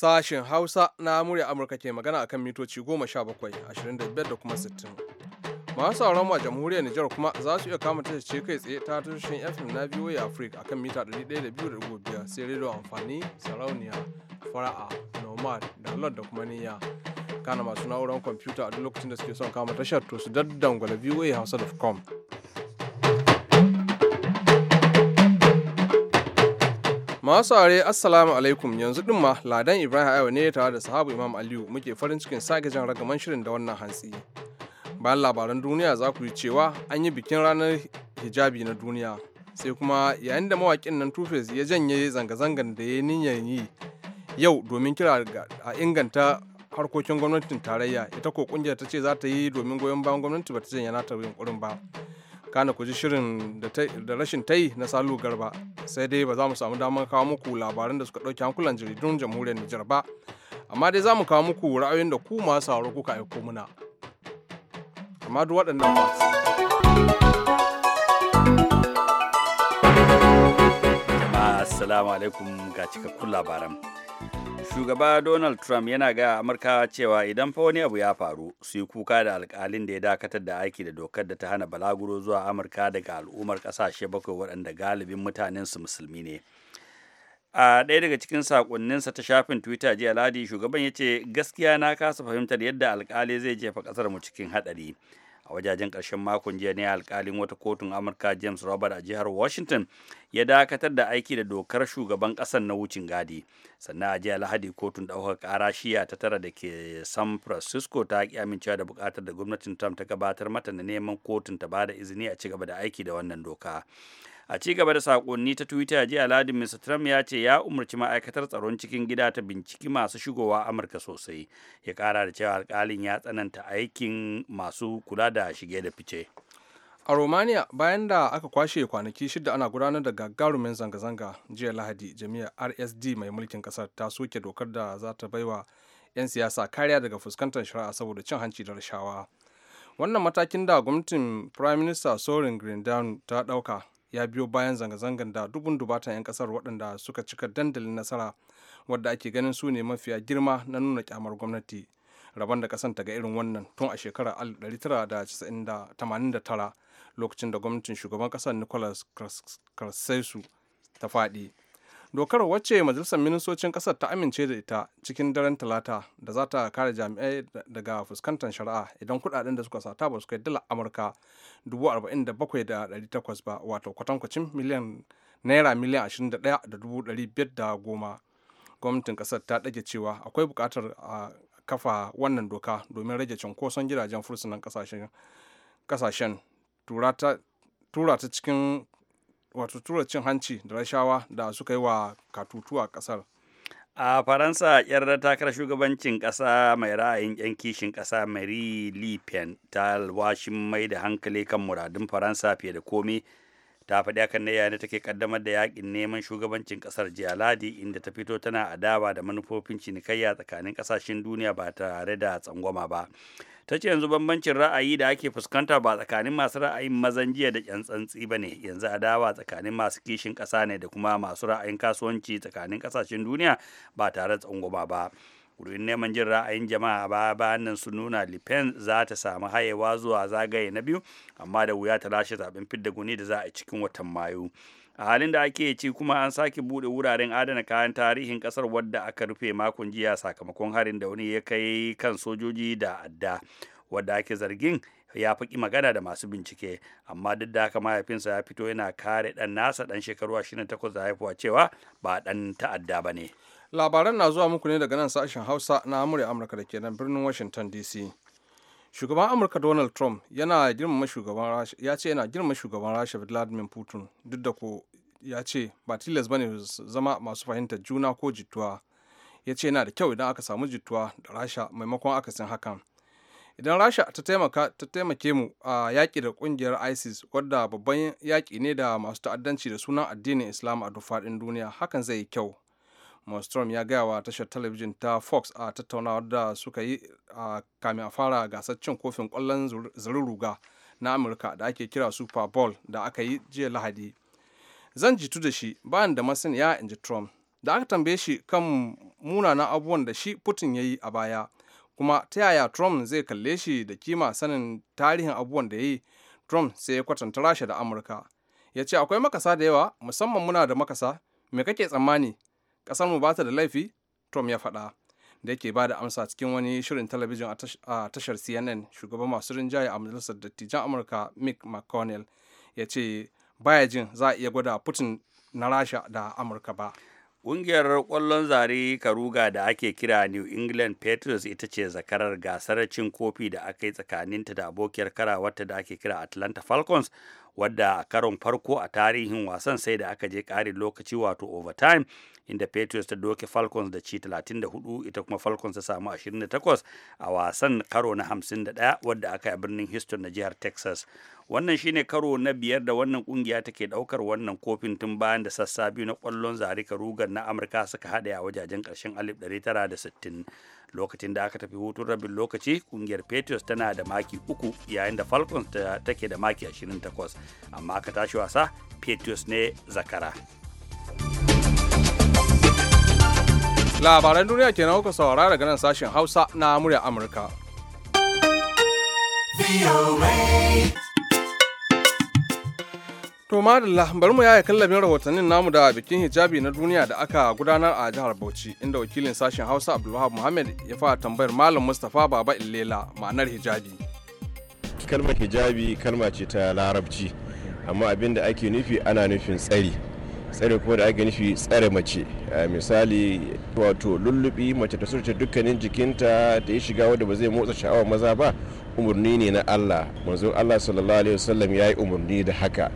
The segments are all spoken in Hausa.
Sashen Hausa na murya Amurka ke magana akan mitoci 17, 25 da kuma 60. Masu sauran mu a jamhuriyar Nijar kuma za su iya kama ce kai tsaye ta tushen FM na VOA Africa akan mita 102.5 sai rediyo amfani sarauniya fara'a nomad da da kuma niyya. Kana masu na'urar kwamfuta a duk lokacin da suke son kama tashar to su daddangwala hausa.com Masu are assalamu alaikum yanzu din ma ladan Ibrahim Ayo ne tare da sahabu Imam Aliyu muke farin cikin sake jan ragaman shirin da wannan hantsi. Bayan labaran duniya za ku yi cewa an yi bikin ranar hijabi na duniya sai kuma yayin da mawakin nan tufes ya janye zanga-zangan da ya niyyar yi yau domin kira a inganta harkokin gwamnatin tarayya ita ko kungiyar ta ce za ta yi domin goyon bayan gwamnati ba ta janye nata yunkurin ba. kana ku ji shirin da rashin tayi na salu garba sai dai ba za mu samu damar kawo muku labaran da suka ɗauki hankulan jaridun jamhuriyar nijar ba amma dai za mu kawo muku ra'ayoyin da ku masu sauraro kuka aiko muna amma duk waɗannan ba assalamu alaikum ga cikakkun labaran shugaba donald trump yana ga amurkawa cewa idan fa wani abu ya faru su yi kuka da alkalin da ya dakatar da aiki da dokar da ta hana balaguro zuwa amurka daga al'ummar kasashe bakwai waɗanda galibin mutanensu musulmi ne a ɗaya daga cikin sakonninsa ta shafin twitter jiya ladi shugaban ya ce gaskiya na kasa fahimtar yadda alkali zai jefa ƙasar mu cikin haɗari a wajajen ƙarshen makon jiya ne alkalin wata kotun amurka james robert a jihar washington ya dakatar da aiki da dokar shugaban ƙasar na wucin gadi sannan a jiya lahadi kotun ɗaukar ƙara shiya ta tara da ke san francisco ta ki amincewa da buƙatar da gwamnatin trump ta gabatar mata na neman kotun ta bada izini a ci gaba da aiki da wannan doka a ci gaba da sakonni ta twitter jiya ladin mr trump ya ce ya umarci ma'aikatar tsaron cikin gida ta binciki masu shigowa amurka sosai ya kara da cewa alkalin ya tsananta aikin masu kula da shige da fice a romania bayan da aka kwashe kwanaki shida ana gudanar da gagarumin zanga-zanga jiya lahadi jami'ar rsd mai mulkin kasar ta soke dokar da za ta baiwa 'yan siyasa kariya daga fuskantar shari'a saboda cin hanci da rashawa wannan matakin da gwamnatin prime minister sorin grindan ta dauka ya biyo bayan zanga-zangar da dubun dubatan 'yan kasar waɗanda suka cika dandalin nasara wadda ake ganin su ne mafiya girma na nuna kyamar gwamnati rabon da kasan ta ga irin wannan tun a shekarar 1989 lokacin da gwamnatin shugaban kasar nicholas karsesu ta faɗi dokar wacce majalisar ministocin kasar ta amince da ita cikin daren talata da za ta kare jami'ai daga fuskantar shari'a idan kudaden da suka sata ba su kai dala amurka 47,800 ba wato kwatankwacin miliyan naira miliyan 21,510 gwamnatin kasar ta ɗage cewa akwai bukatar a kafa wannan doka domin rage cunkoson gidajen fursunan kasashen tura ta cikin wato tura cin hanci da rashawa da suka yi wa katutu a kasar a faransa yar takarar shugabancin kasa mai ra'ayin yan kishin kasa marie le pen ta washin mai da hankali kan muradun faransa fiye da komai ta faɗi kan na yayin da take kaddamar da yakin neman shugabancin kasar jiya ladi inda ta fito tana adawa da manufofin cinikayya tsakanin kasashen duniya ba tare da tsangwama ba ta ce yanzu bambancin ra'ayi da ake fuskanta ba tsakanin masu ra'ayin mazan jiya da yan tsantsi ba ne yanzu adawa tsakanin masu kishin ƙasa ne da kuma masu ra'ayin kasuwanci tsakanin ƙasashen duniya ba tare da tsangwama ba wurin neman jin ra'ayin jama'a ba bayan nan sun nuna lipen za ta samu hayewa zuwa zagaye na biyu amma da wuya ta lashe zaben fidda guni da za a cikin watan mayu a halin da ake ci kuma an sake bude wuraren adana kayan tarihin kasar wadda aka rufe makon jiya sakamakon harin da wani ya kai kan sojoji da adda wadda ake zargin ya faƙi magana da masu bincike amma duk da haka mahaifinsa ya fito yana kare dan nasa dan shekaru 28 da haifuwa cewa ba dan ta'adda ba ne labaran na zuwa muku ne daga nan sashen hausa na amurya amurka da ke birnin washington dc shugaban amurka donald trump yana girmama ya ce yana girmama shugaban rasha vladimir putin duk da ko ya ce ba tilas bane zama masu fahimtar juna ko jituwa ya ce yana da kyau idan aka samu jituwa da rasha maimakon akasin hakan idan rasha ta taimaka ta taimake mu a yaƙi da ƙungiyar isis wadda babban yaƙi ne da masu ta'addanci da sunan addinin islam a duk duniya hakan zai yi kyau Mostrom ya gaya wa tashar talabijin ta Fox a tattaunawar da suka yi a kamin a fara gasar cin kofin kwallon ruga na Amurka da ake kira Super Bowl da aka yi jiya Lahadi. zan jitu da shi bayan da ya in ji trump da aka tambaye shi kan munanan abubuwan da shi putin ya yi a baya kuma ta yaya trump zai kalle shi da kima sanin tarihin abubuwan da ya yi trump sai ya kwatanta rasha da amurka ya ce akwai makasa da yawa musamman muna da makasa me kake tsammani ƙasarmu ba ta da laifi trump ya faɗa da yake ba da amsa cikin wani shirin talabijin a tashar cnn shugaban masu rinjaye a majalisar dattijan amurka mick mcconnell ya ce baya jin za a iya gwada putin na rasha da amurka ba Ƙungiyar ƙwallon zare Karuga da ake kira New England Patriots ita ce zakarar gasar cin kofi da aka yi tsakaninta da abokiyar karawarta da ake kira Atlanta Falcons wadda a karon farko a tarihin wasan sai da aka je ƙarin lokaci wato overtime inda Patriots ta doke Falcons da ci 34 ita kuma Falcons ta samu 28 a wasan karo na 51 wadda aka yi birnin Houston na jihar Texas. Wannan shine karo na biyar da wannan kungiya take daukar wannan kofin tun bayan da sassa biyu na kwallon zarika rugar na Amurka suka haɗe a wajajen ƙarshen 1960. Lokacin da aka tafi hutun rabin lokaci kungiyar Patriots tana da maki uku yayin da Falcons take da maki 28 amma aka tashi wasa Patriots ne zakara. labaran duniya ke kenan kuka saurara daga nan sashen hausa na murya amurka to madalla bari mu yaya kallabin rahotannin namu da bikin hijabi na duniya da aka gudanar a jihar bauchi inda wakilin sashen hausa abdulwahab muhammad ya fara tambayar malam mustapha baba illela ma'anar hijabi kalmar hijabi kalma ce ta larabci amma abin da ake nufi ana nufin tsari tsare kuma da ake nufi tsare mace misali wato lullubi mace ta surce dukkanin jikinta da ya shiga wadda ba zai motsa sha'awar maza ba umarni ne na allah manzo allah sallallahu alaihi wasallam ya yi umarni da haka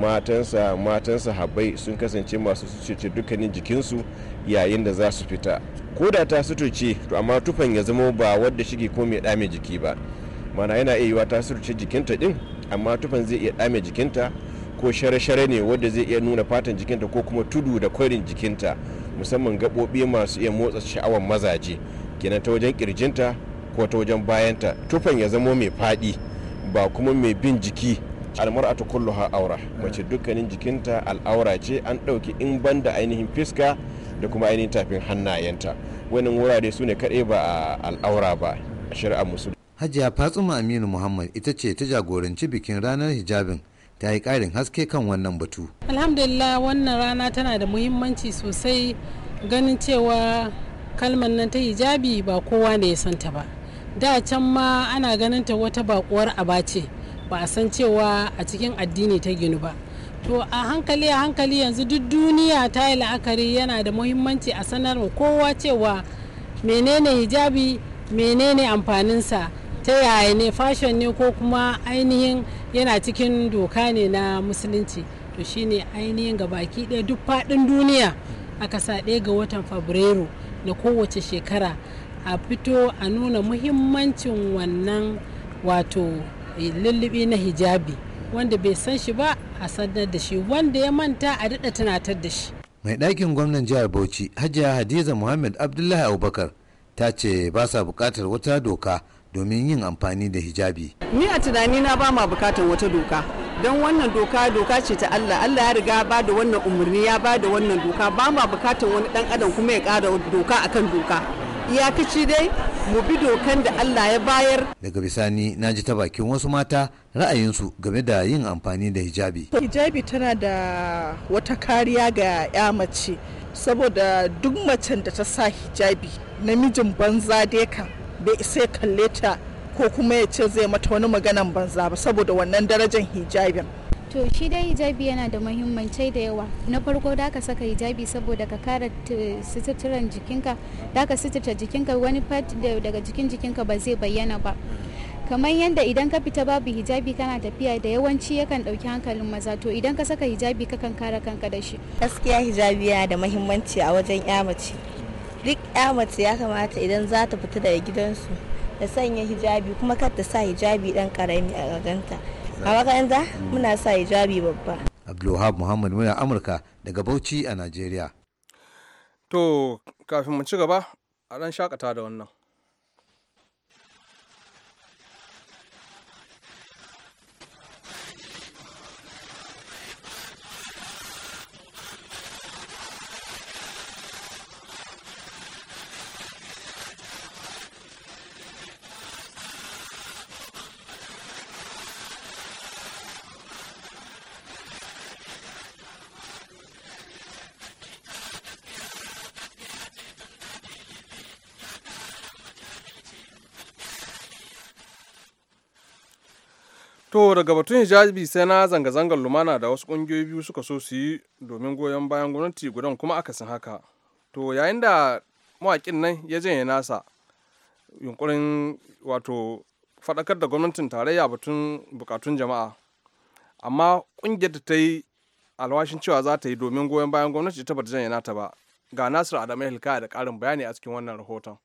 matansa matansa habai sun kasance masu suturce dukkanin jikinsu yayin da za su fita ko da ta suturce to amma tufan ya zama ba wadda shige ko mai dame jiki ba mana yana iya yiwa ta suturce jikinta din amma tufan zai iya dame jikinta ko share-share ne wanda zai iya nuna fatan jikinta ko kuma tudu da kwarin jikinta musamman gaɓoɓi masu iya motsa sha'awar mazaje kenan ta wajen kirjinta ko ta wajen bayanta tufan ya zamo mai faɗi ba kuma mai bin jiki almar'atu kulluha aura mace dukkanin jikinta al'aura ce an ɗauki in banda ainihin fiska da kuma ainihin tafin hannayenta wannan wurare su ne kaɗai ba a al'aura ba a shari'a musulmi hajiya fatsuma aminu muhammad ita ce ta jagoranci bikin ranar hijabin ta yi ƙarin haske kan wannan batu. Alhamdulillah wannan rana tana da muhimmanci sosai ganin cewa kalmar nan ta hijabi ba kowa ne ya santa ba. Da can ma ana ganin ta wata bakuwar aba ce ba a san cewa a cikin addini ta ginu ba. To a hankali a hankali yanzu duk duniya ta yi la'akari yana da muhimmanci a sanarwa kowa cewa menene hijabi menene amfaninsa ta yaya ne fashon ne ko kuma ainihin yana cikin doka ne na musulunci to shine ainihin ga baki ɗaya duk faɗin duniya aka sa ɗaya ga watan fabrairu na kowace shekara a fito a nuna muhimmancin wannan wato eh, lullubi na hijabi wanda bai san shi ba a sanar da shi wanda ya manta a daɗa tunatar da shi mai ɗakin gwamnan jihar bauchi hajiya hadiza muhammad abdullahi abubakar ta ce ba sa buƙatar wata doka domin yin amfani da hijabi. Ni a na ba ma bukatar wata doka. Don wannan doka doka ce ta Allah. Allah ya riga ba da wannan umarni ya ba da wannan doka ba ma bukatar wani dan adam kuma ya kara doka akan doka. Iyakaci dai mu bi dokan da Allah ya bayar. Daga bisani na ji ta bakin wasu mata ra'ayinsu game da yin amfani da hijabi. Hijabi tana da wata kariya ga 'ya mace saboda duk macen da ta sa hijabi namijin banza dai kan bai isa kalle ta ko kuma ya ce zai mata wani maganan banza ba saboda wannan darajar hijabin to shi dai hijabi yana da muhimmanci da yawa na farko da ka saka hijabi saboda ka kare suturan jikinka da ka sutura jikinka wani part daga jikin jikinka ba zai bayyana ba kamar yadda idan ka fita babu hijabi kana tafiya da yawanci yakan ɗauki hankalin maza to idan ka saka hijabi kakan kare kanka da shi gaskiya hijabi yana da muhimmanci a wajen ya mace ya mace ya kamata idan za ta fita daga gidansu da sanya hijabi kuma kar ta sa hijabi dan karami a gaganta a makaranta muna sa hijabi babba abdulwahab muhammad muna amurka daga bauchi a nigeria to kafin mu ci gaba a dan shakata da wannan To daga batun hijabi sai na zanga-zangar lumana da wasu ƙungiyoyi biyu suka so su yi domin goyon bayan gwamnati gudan kuma aka akasin haka. To yayin da mawakin nan ya janye nasa yunkurin wato faɗakar da gwamnatin tarayya batun bukatun jama'a. Amma ƙungiyar da ta yi alwashin cewa za ta yi domin goyon bayan gwamnati ta bata janye nata ba. Ga Nasiru Adamu Hilkaya da ƙarin bayani a cikin wannan rahoton.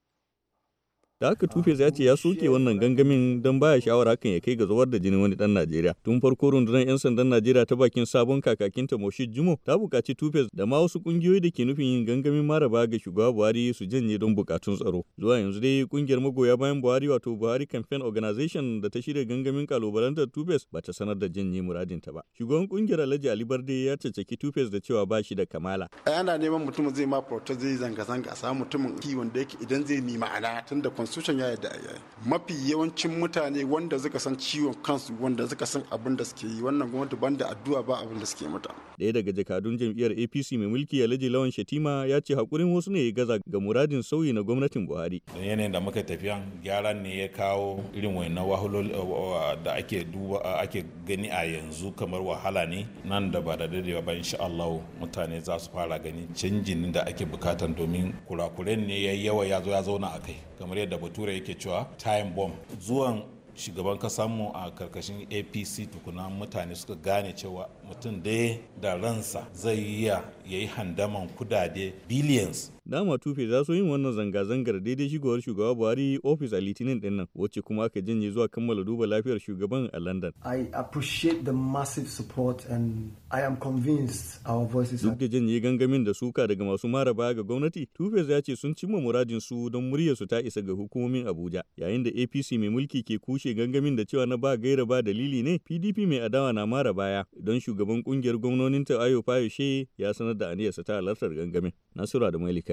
da aka tufe ya ce ya soke wannan gangamin don baya shawara kan ya kai ga zubar da jinin wani dan Najeriya tun farko rundunar yan sandan Najeriya ta bakin sabon kakakin ta Moshid Jumo ta bukaci tufe da ma wasu kungiyoyi da ke nufin yin gangamin maraba ga shugaba Buhari su janye don bukatun tsaro zuwa yanzu dai kungiyar magoya bayan Buhari wato Buhari Campaign Organization da ta shirya gangamin kalubalantar Tufes ba ta sanar da janye ta ba shugaban kungiyar Alhaji Ali Barde ya ceceki Tufes da cewa ba shi da kamala ana neman mutum zai ma protest zai zanga zanga a samu mutumin kiwon da yake idan zai nima ana tun da constitution ya yadda ya mafi yawancin mutane wanda suka san ciwon kansu wanda suka san abin da suke yi wannan gwamnati banda addu'a ba abin da suke mata daya daga jakadun jam'iyyar APC mai mulki Alhaji Lawan Shatima ya ce hakurin wasu ne ya gaza ga muradin sauyi na gwamnatin Buhari yanayin da muka tafiyan gyaran ne ya kawo irin wani wahalol eh, da ake duba ake gani a yanzu kamar wahala ne nan da ba da dadewa ba insha Allah mutane za su fara gani canjin da ake bukatan domin kurakuren ne ya yawa ya zo ya zauna a kai kamar yadda da bature yake cewa time bomb zuwan shugaban kasanmu a karkashin apc tukuna mutane suka gane cewa mutum dai da ransa zai iya ya yi handaman kudade billions Dama tufe za su yin wannan zanga-zangar daidai shigowar shugaba Buhari ofis a Litinin din wacce kuma aka janye zuwa kammala duba lafiyar shugaban a London. I appreciate the massive support and I am convinced our voices Duk da janye gangamin da suka daga masu mara ga gwamnati, Tufe ya ce sun cimma muradin su don muryar su ta isa ga hukumomin Abuja. Yayin da APC mai mulki ke kushe gangamin da cewa na ba gaira ba dalili ne, PDP mai adawa na mara baya don shugaban kungiyar gwamnonin ta Ayo Fayoshe ya sanar da aniyarsa ta halartar gangamin. Nasura da Malika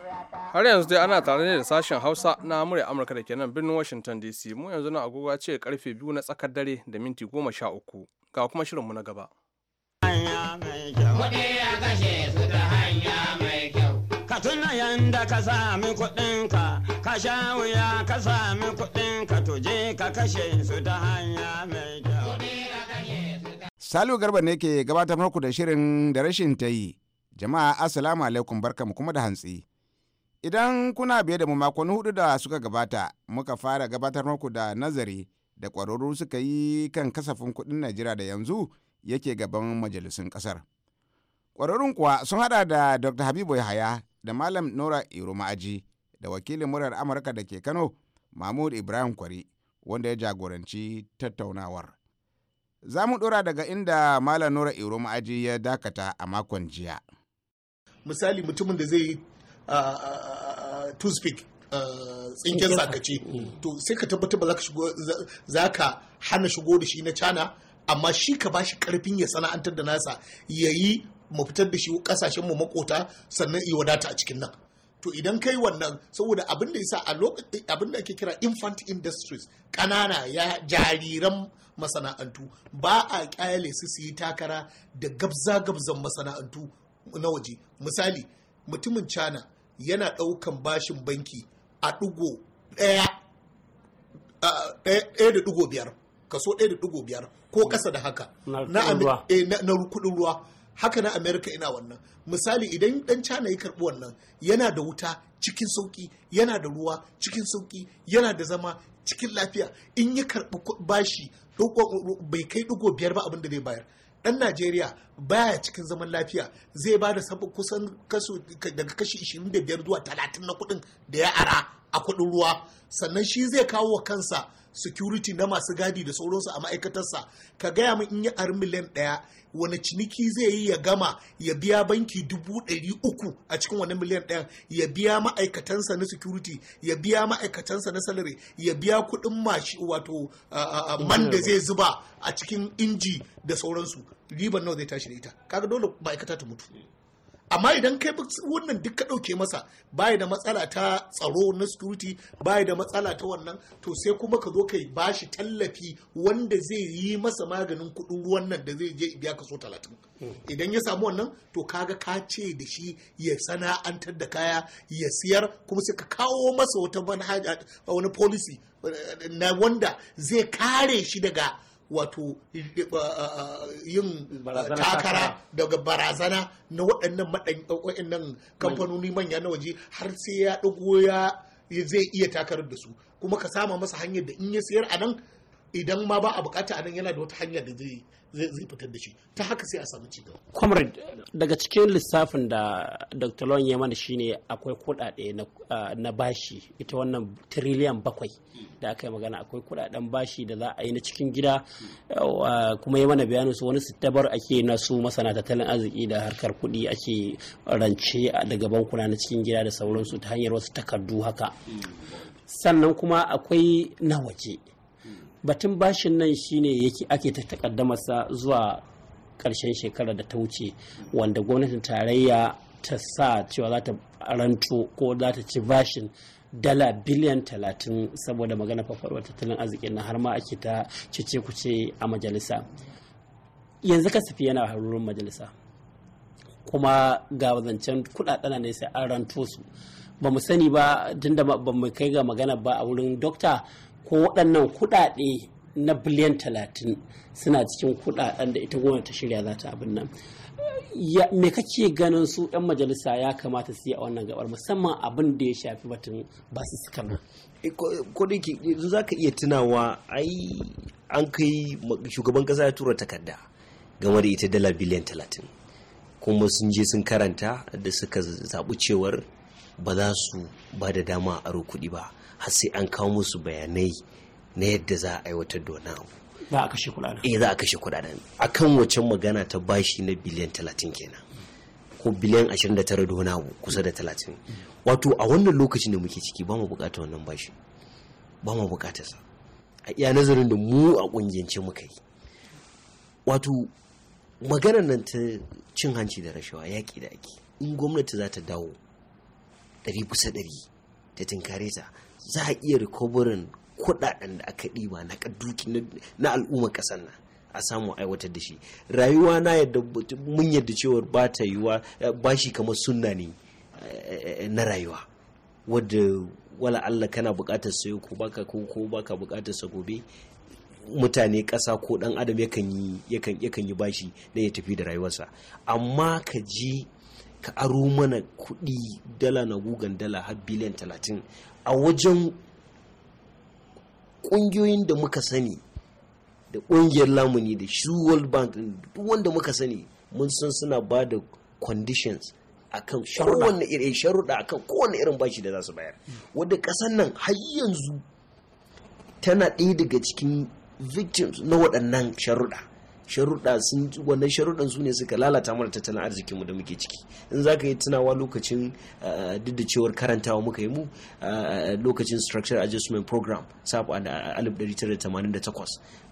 har yanzu dai ana tare ne da sashen hausa na murya amurka da ke nan birnin washington dc mu yanzu na agogo ce karfe biyu na tsakar dare da minti goma sha uku ga kuma shirinmu na gaba ka tuna yanda ka sami kuɗinka ka sha wuya ka sami kuɗinka to ka kashe su ta hanya mai kyau Salu Garba ne ke gabatar muku da shirin da rashin ta yi. Jama'a Assalamu alaikum barkamu kuma da hantsi. Idan kuna biye da mu makonni hudu da suka gabata, muka fara gabatar muku da nazari da ƙwararru suka yi kan kasafin kuɗin Najeriya da yanzu yake gaban majalisun ƙasar. Ƙwararrun kuwa sun hada da Dr. Habibu Yahaya da Malam Nora Iro Ma'aji da wakilin murar Amurka da ke Kano, Mahmud Ibrahim Kwari, wanda ya jagoranci tattaunawar. Za mu ɗora daga inda Malam Nora Iro Ma'aji ya dakata a makon jiya. Misali mutumin da zai toothpick uh, tsinken zakaci, mm. to sai ka tabbatar ba za ka hana shigo da shi na cana amma shi ka bashi karfin ya sana'antar da nasa ya yi mu fitar da shi kasashen mu makota sannan iya wadata a cikin nan to idan kai wannan saboda abin da yasa a lokacin abin da ake kira infant industries kanana ya jariran masana'antu ba a kyale su su yi takara da gabza gabzan masana'antu na waje misali mutumin china yana ɗaukan bashin banki a ɗigo ɗaya ɗaya da ɗigo biyar kaso ɗaya da ɗigo biyar ko ƙasa da haka na eh, kuɗin ruwa haka na amerika ina wannan misali idan dan cana ya karbi wannan yana da wuta cikin sauki yana da ruwa cikin sauki yana da zama cikin lafiya in ya karbi bashi bai kai digo biyar ba abinda zai bayar dan najeriya baya cikin zaman lafiya zai ba da kusan kaso daga kashi 25 zuwa 30 na kuɗin da ya ara a kuɗin ruwa sannan shi zai kawo wa kansa security na masu gadi da sauransu a ma'aikatarsa ka gaya min in yi ari miliyan ɗaya wani ciniki zai yi ya gama ya biya banki dubu ɗari uku a cikin wani miliyan ɗaya ya biya ma'aikatansa na security ya biya ma'aikatansa na salary ya biya kuɗin mashi wato man da zai zuba a cikin inji da sauransu riban nawa zai tashi da ita kaga dole ma'aikata ta mutu amma idan kai wannan duk ka ɗauke masa baya da matsala ta tsaro na security baya da matsala ta wannan to sai kuma ka zo kai shi tallafi wanda zai yi masa maganin kuɗin ruwan nan da zai je biya kaso talatin idan ya samu wannan to kaga ka ce da shi ya sana'antar da kaya ya siyar kuma sai ka kawo masa wata manhaja wani policy eh, na wanda zai kare shi daga wato eh, eh, yin eh, takara daga barazana na waɗannan kamfanoni manya na waje har sai ya ɗago ya zai iya takarar da su kuma ka sama masa hanyar da in ya sayar a nan idan ma ba a bukata anan yana da wata hanya da zai zai fitar da shi ta haka sai a samu cigaba. comrade daga cikin lissafin da dr lon ya mana shine akwai kudade na bashi ita wannan tiriliyan bakwai da aka yi magana akwai kudaden bashi da za a yi na cikin gida kuma ya mana bayanin su wani sittabar ake na su masana tattalin arziki da harkar kuɗi ake rance daga bankuna na cikin gida da sauransu ta hanyar wasu takardu haka hmm. sannan kuma akwai na waje batun bashin nan shine yake ake ta takaddamarsa zuwa karshen shekarar da ta wuce wanda gwamnatin tarayya ta sa cewa za ta ranto ko za ta ci bashin dala biliyan talatin saboda magana farfarwar tattalin arzikin na har ma ake ta cice kuce a majalisa yanzu ka kasafi yana harurin majalisa kuma ga zancen kudaden ne sai an ranto su ba mu sani ba tunda ba mu kai ga magana ba a wurin dokta ko waɗannan kuɗaɗe na biliyan talatin suna cikin kuɗaɗen da ita gwamnati ta shirya za ta abin nan me kake ganin su 'yan majalisa ya kamata su yi a wannan gabar musamman abin da ya shafi batun su suka nan eh, ko da za ka iya tunawa ai an kai shugaban kasa ya tura takarda game da ita dala biliyan talatin kuma sun je sun karanta da suka zaɓi cewar ba za su ba da dama a aro kuɗi ba har sai an kawo musu bayanai na yadda za a aiwatar da wani abu za a kashe kudaden eh za a kashe kudaden kan wacan magana ta bashi na biliyan talatin kenan ko biliyan ashirin da wani abu kusa da talatin. wato a wannan lokacin da muke ciki ba mu bukatar wannan bashi ba mu bukatar sa a iya nazarin da mu a kungiyance muka yi wato maganar nan ta cin hanci da rashawa yaƙi da ake in gwamnati za ta dawo ɗari kusa ɗari ta tinkare ta za a iya recoverin kudaden da aka ɗiba na kaduki na al'ummar ƙasar nan a samu aiwatar da shi rayuwa na yadda mun yadda cewar ba ta eh, ba shi kamar sunna ne eh, eh, na rayuwa wadda wala Allah kana buƙatar sayo ko baka ko ko baka buƙatar sa gobe mutane ƙasa ko ɗan adam yakan yi bashi na ya tafi da rayuwarsa amma ka je ka aro mana kuɗi dala na gugan dala har biliyan talatin a wajen ƙungiyoyin da muka sani da ƙungiyar lamuni da shi world bank duk wanda muka sani mun san suna ba da conditions a kan kowanne irin eh, sharuɗa a kan kowanne irin bashi da za su bayar hmm. wadda ƙasar nan har yanzu tana ɗaya daga cikin victims na waɗannan sharuɗa sharuɗa sun wannan sharuɗan su ne suka lalata mana tattalin arzikin mu da muke ciki in za ka yi tunawa lokacin eh, duk da cewar karantawa muka yi mu eh, lokacin structural adjustment program sabu a 1988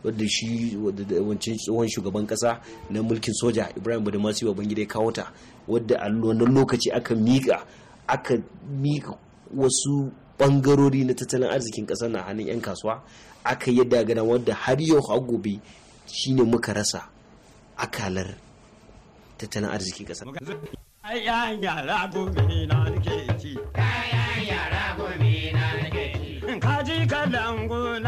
wadda shi wancan tsohon shugaban kasa na mulkin soja ibrahim badamasi bangida ya kawo ta wadda a wannan lokaci aka mika wasu bangarori na tattalin arzikin kasar na hannun 'yan kasuwa aka yadda gana wadda har yau har gobe shine muka rasa akalar tattalin arzikin ƙasa. Kayan yara gobe na nake ci. Kayan yara gobe na nake ci. Kaji kalangu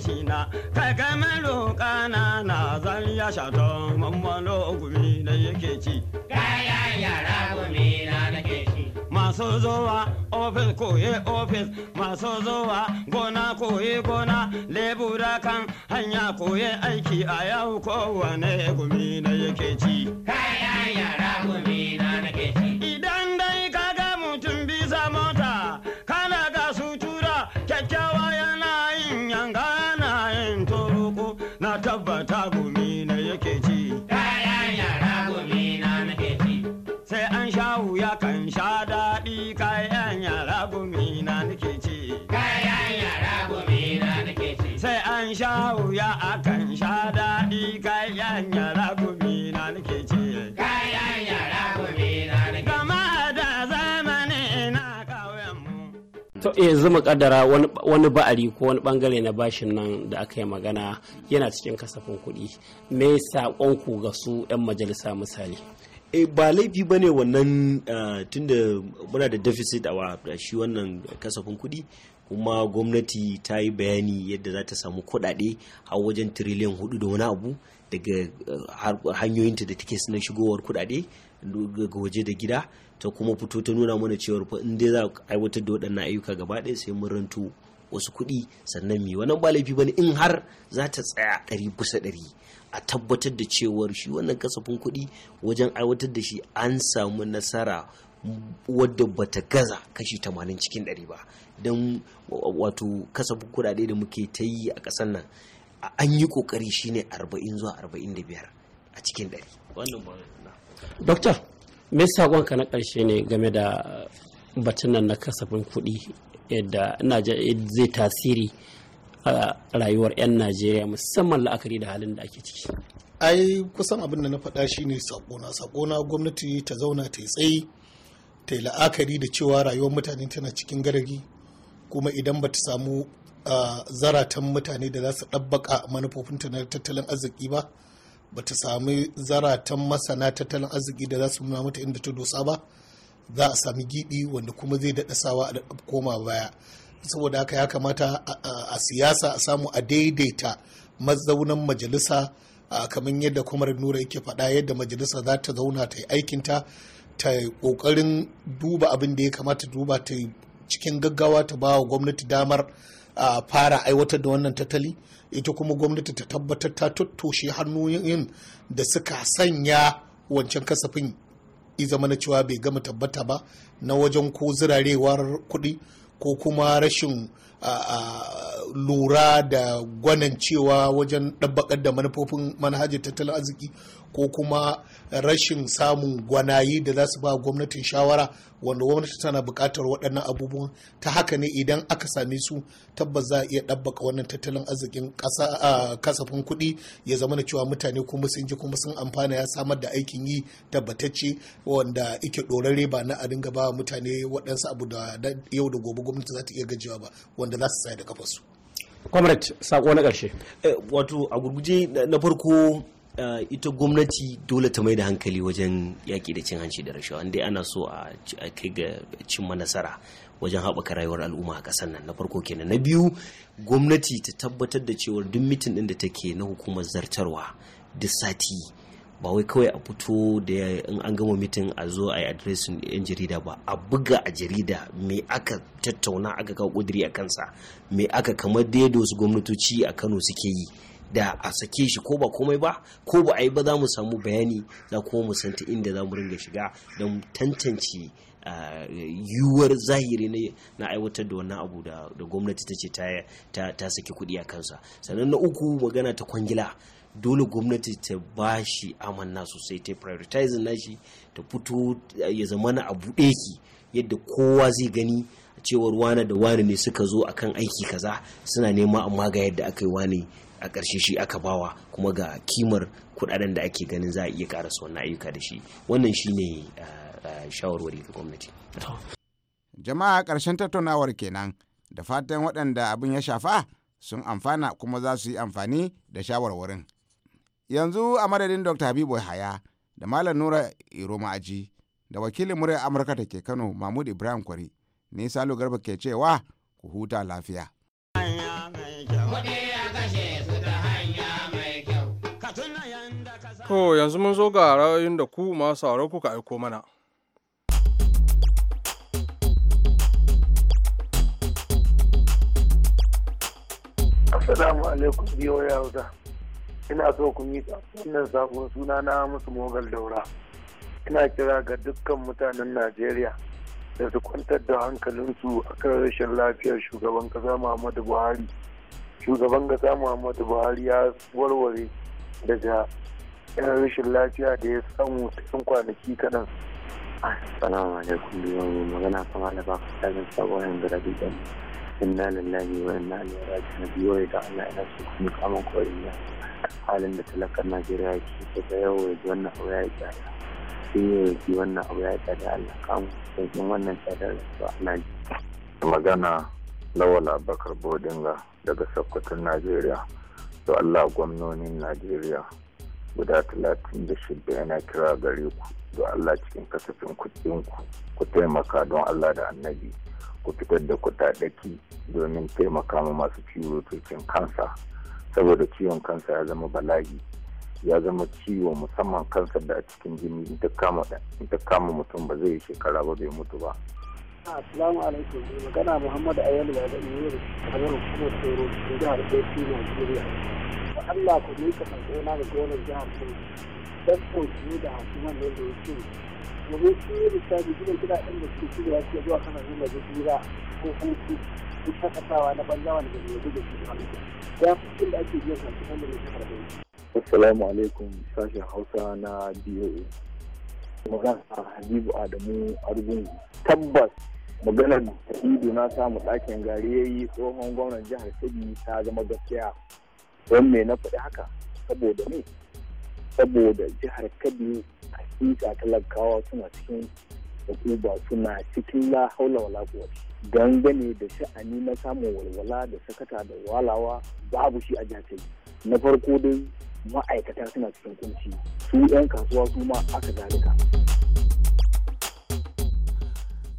shina kai kai mai roƙa na na zan ya sha shato mammalo gumi da yake ci kayan yara gumi na nake ci masu zowa ofis koye ofis maso zowa gona koye gona lebura kan hanya koye aiki a yau kowane gumi na yake ci kayan yara gumi na nake ci To eh, yanzu mu kaddara wani ba'ari ko wani bangare na bashin nan da aka yi magana yana cikin kasafin kuɗi. Me saƙonku ga su 'yan majalisa misali? e ba laifi ba ne wannan ah, tunda muna da deficit a shi wannan kasafin kuɗi kuma gwamnati ta yi bayani yadda za ta samu kuɗaɗe a wajen tiriliyan hudu da wani abu daga ah, hanyoyinta da take na shigowar kuɗaɗe daga waje da gida ta kuma fito ta nuna mana cewar fa in dai za a aiwatar da waɗannan ayyuka gaba ɗaya sai mun rantu wasu kuɗi sannan mi wannan ba laifi bane in har za ta tsaya ɗari kusa ɗari a tabbatar da cewar shi wannan kasafin kuɗi wajen aiwatar da shi an samu nasara wadda bata gaza kashi 80 cikin 100 ba don wato kasafin kuɗaɗe da muke ta yi a ƙasar nan an yi ƙoƙari shine 40 zuwa 45 a cikin 100 me saƙonka na ƙarshe ne game da batun nan na kasafin kuɗi yadda zai tasiri a rayuwar 'yan najeriya musamman la'akari da halin da ake ciki ai kusan abin da na faɗa shine saƙona saƙona gwamnati ta zauna ta yi tsayi ta yi la'akari da cewa rayuwar mutane tana cikin garari kuma idan ba ta samu ah, zaratan mutane da za su ɗabbaka manufofinta na tattalin arziki ba Bata sami zaratan masana tattalin arziki da za su nuna mata inda ta dosa ba za a sami gibi wanda kuma zai daɗa sawa a koma baya saboda haka ya kamata a siyasa a samu a daidaita mazaunan majalisa kamar yadda kwamar nura yake faɗa yadda majalisa za ta zauna ta yi aikinta ta yi ƙoƙarin duba abin da ya kamata duba ta cikin gaggawa ta ba wa gwamnati damar a fara aiwatar da wannan tattali ita kuma gwamnati ta tabbatar ta tattoshe yin da suka sanya wancan kasafin izama na cewa bai gama tabbata ba na wajen ko zirarewar kuɗi ko kuma rashin lura da gwanan cewa wajen ɗabbaƙar da manufofin manhajar tattalin arziki ko kuma rashin samun gwanayi da za su ba gwamnatin shawara wanda gwamnati tana buƙatar waɗannan abubuwan ta haka ne idan aka same su tabbas za a iya ɗabbaka wannan tattalin arzikin kasafin kuɗi ya zama da cewa mutane kuma sun ji kuma sun amfana ya samar da aikin yi tabbatacce wanda ike ɗorare ba na a dinga ba mutane waɗansu abu da yau da gobe gwamnati za ta iya gajewa ba wanda za su tsaya da kafarsu. comrade sako na ƙarshe eh, wato a gurguje na farko Eh, ita gwamnati dole ta mai da hankali wajen yaƙi da cin hanci da rashawa dai ana so a kai ga cimma nasara wajen haɓaka rayuwar al'umma a ƙasar nan na farko kenan na biyu gwamnati ta tabbatar da cewar duk mitin ɗin da take na hukumar zartarwa duk sati ba wai kawai a fito da in an gama mitin a zo a yi adresin yan jarida ba a buga a jarida me aka tattauna aka kawo kudiri a kansa me aka kamar da wasu gwamnatoci a kano suke yi da a sake shi ko ba komai ba ko ba a yi ba za mu samu bayani za kuma mu santa inda za mu ringa shiga don tantance ah, yiwuwar zahiri na aiwatar da wannan abu da gwamnati ta ce ta saki kuɗi a kansa sannan na uku magana ta kwangila dole gwamnati ta ba shi amanna sosai ta prioritizing nashi ta fito ya zama na abu ɗeki yadda kowa zai gani cewar wane da wane ne suka zo akan aiki kaza suna nema amma ga yadda aka yi wane a ƙarshe shi aka bawa kuma ga kimar kudaden da ake ganin za a iya su wannan ayyuka da shi wannan shi ne shawarwari ga gwamnati jama'a ƙarshen tattaunawar kenan da fatan waɗanda abin ya shafa sun amfana kuma za su yi amfani da shawarwarin yanzu a madadin dr habibu haya da malam nura iro ma'aji da wakilin muryar amurka da ke kano mahmud ibrahim kwari ne salo garba ke cewa ku huta lafiya. Yeah, To yanzu mun zo ga ra'ayoyin da ku masu sauraro kuka aiko mana. Assalamu alaikum biyo yauza. Ina so ku miƙa wannan sabon suna na musu mogal daura. Ina kira ga dukkan mutanen Najeriya da su kwantar da hankalinsu a kan rashin lafiyar shugaban Kasa Muhammadu Buhari. Shugaban Kasa Muhammadu Buhari ya warware daga yana rashin lafiya da ya samu cikin kwanaki kaɗan. Assalamu alaikum biyu mai magana kama da baka tsarin sabon yanzu da bidan. Inna lillahi wa inna ilaihi raji'un biyu da Allah yana so kuma kama koriya. Halin da talakar Najeriya ke da yau ya ji wannan abu ya yi tsada. Sun yi ya ji wannan abu ya yi tsada Allah kama sauƙin wannan tsadar su a Najeriya. Magana Lawala Bakar Bodinga daga sakkwatin Najeriya. To Allah gwamnonin Najeriya guda talatin da shida yana kira gare ku don Allah cikin kasafin kuɗinku ku taimaka don Allah da annabi ku fitar da kuɗaɗaki domin taimaka ma masu ciwo cocin kansa saboda ciwon kansa ya zama bala'i ya zama ciwo musamman kansa da a cikin jini in ta kama mutum ba zai yi shekara ba bai mutu ba Assalamu alaikum. Magana Muhammadu Ayyalu da da Iyuru, kamar hukumar Tsoro, jihar Bauchi, Najeriya. Da Allah ku mika sakona da gonar jihar Kano. Dan kotu da hukumar ne ya yake. Domin su yi lissafi gidan kuɗaɗen da suke da ya ce zuwa kanan yin da jira ko hutu ko shakatawa na banza wanda bai yi da shi. Ya fi cikin da ake biyan kansu kan da ne jihar Bauchi. Assalamu alaikum sashen Hausa na BOA. Magana Habibu Adamu Argungu. Tabbas maganar ido na samu ɗakin gari ya yi tsohon gwamnan jihar kebbi ta zama gaskiya don me na faɗi haka saboda ne saboda jihar kebbi a sika talakawa suna cikin hukuma suna cikin la haula wala kuwa. dangane da sha'ani na samun walwala da sakata da walawa babu shi a jihar na farko dai ma'aikata suna cikin kunci su 'yan kasuwa su ma aka zalika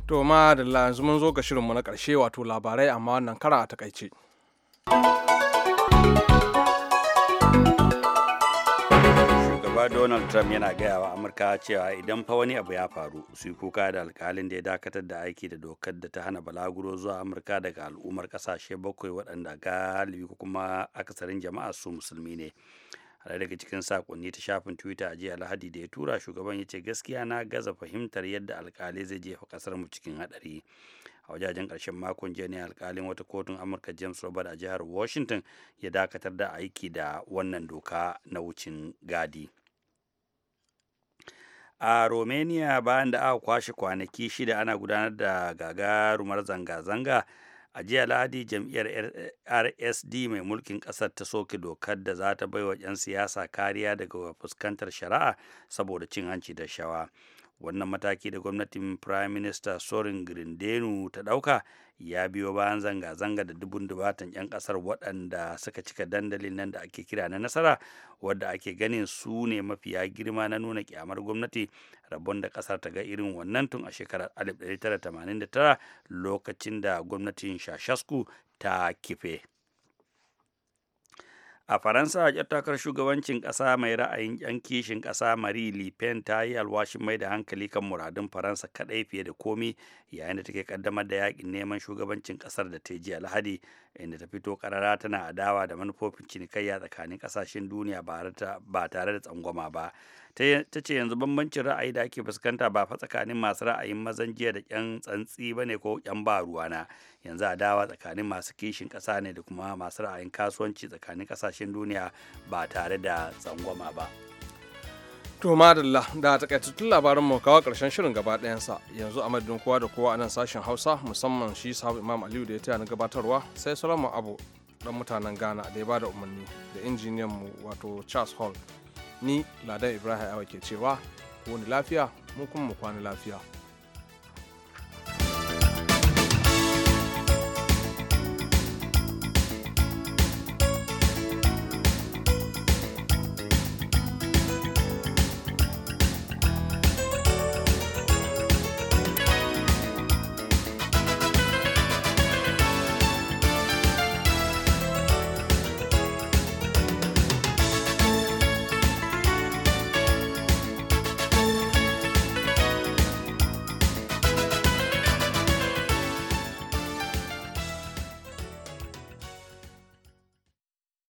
To ma da yanzu mun zo ga shirinmu na ƙarshe wato labarai amma wannan kara a takaice. shugaba donald trump yana gaya wa amurka cewa idan fa wani abu ya faru su yi kuka da alkalin da ya dakatar da aiki da dokar da ta hana balaguro zuwa amurka daga al'ummar kasashe bakwai waɗanda galibi ko kuma akasarin jama'a su musulmi ne har daga cikin sakonni ta shafin twitter a jiya lahadi da ya tura shugaban ya ce gaskiya na gaza fahimtar yadda alkali zai jefa kasar mu cikin hadari a wajajen karshen makon jiya ne alkalin wata kotun amurka james robert a jihar washington ya dakatar da aiki da wannan doka na wucin gadi a romania bayan da aka kwashe kwanaki shida ana gudanar da gagarumar zanga-zanga a jiya lahadi jam'iyyar rsd mai mulkin kasar ta soke dokar da za ta baiwa 'yan siyasa kariya daga fuskantar shari'a saboda cin hanci da shawa wannan mataki da gwamnatin prime minister sorin grindenu ta dauka ya biyo bayan zanga-zanga da dubun dubatan 'yan kasar waɗanda suka cika dandalin nan da ake kira na nasara wadda ake ganin su ne mafiya girma na nuna kyamar gwamnati rabon da kasar ta ga irin wannan tun a shekarar 1989 lokacin da gwamnatin shashasku ta kife. a faransa a takar shugabancin ƙasa mai ra'ayin yan kishin ƙasa marie le ta yi alwashin mai da hankali kan muradun faransa kaɗai fiye da komi yayin da take kaddamar da yakin neman shugabancin ƙasar da ta ji lahadi inda ta fito karara tana adawa da manufofin cinikayya tsakanin kasashen duniya ba tare da tsangwama ba ta ce yanzu bambancin ra'ayi da ake fuskanta ba fa tsakanin masu ra'ayin mazan jiya da yan tsantsi ba ne ko yan ba ruwana yanzu adawa tsakanin masu kishin ƙasa ne da kuma masu ra'ayin kasuwanci tsakanin kasashen duniya ba tare da tsangwama ba. To madalla da takaitattun labarin mu kawo karshen shirin gaba ɗayansa yanzu a madadin kowa da kowa a nan sashen Hausa musamman shi sahabu Imam Aliyu da ya taya na gabatarwa sai Solomon Abu dan mutanen Ghana da ya bada umarni da injiniyan mu wato Charles Hall ni Ladan Ibrahim Awa ke cewa ku ni lafiya mu kuma mu kwana lafiya.